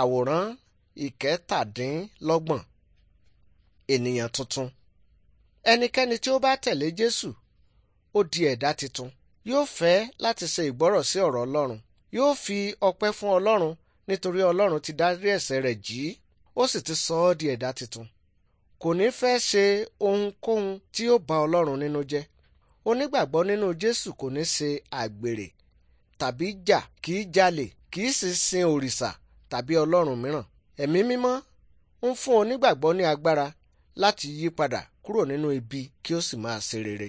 àwòrán ìkẹtàdínlọ́gbọ̀n ènìyàn tuntun ẹnikẹ́ni tí ó bá tẹ̀lé Jésù ó di ẹ̀dá tuntun yóò fẹ́ láti ṣe ìgbọ́rọ̀ sí ọ̀rọ̀ Ọlọ́run yóò fi ọpẹ́ fún Ọlọ́run nítorí Ọlọ́run ti dárí ẹ̀ṣẹ̀ rẹ̀ jì ó sì ti sọ ọ́ di ẹ̀dá tuntun kò ní fẹ́ ṣe ohunkóhun tí yóò ba Ọlọ́run nínú jẹ́ onígbàgbọ́ nínú Jésù kò ní ṣe àgbèrè tàbí jà kì í jalè kì í sì sin òrìṣà tàbí ọlọ́run mìíràn. ẹ̀mí mímọ́ ń fún onígbàgbọ́ ní agbára láti yí padà kúrò nínú ibi kí ó sì máa ṣe rere.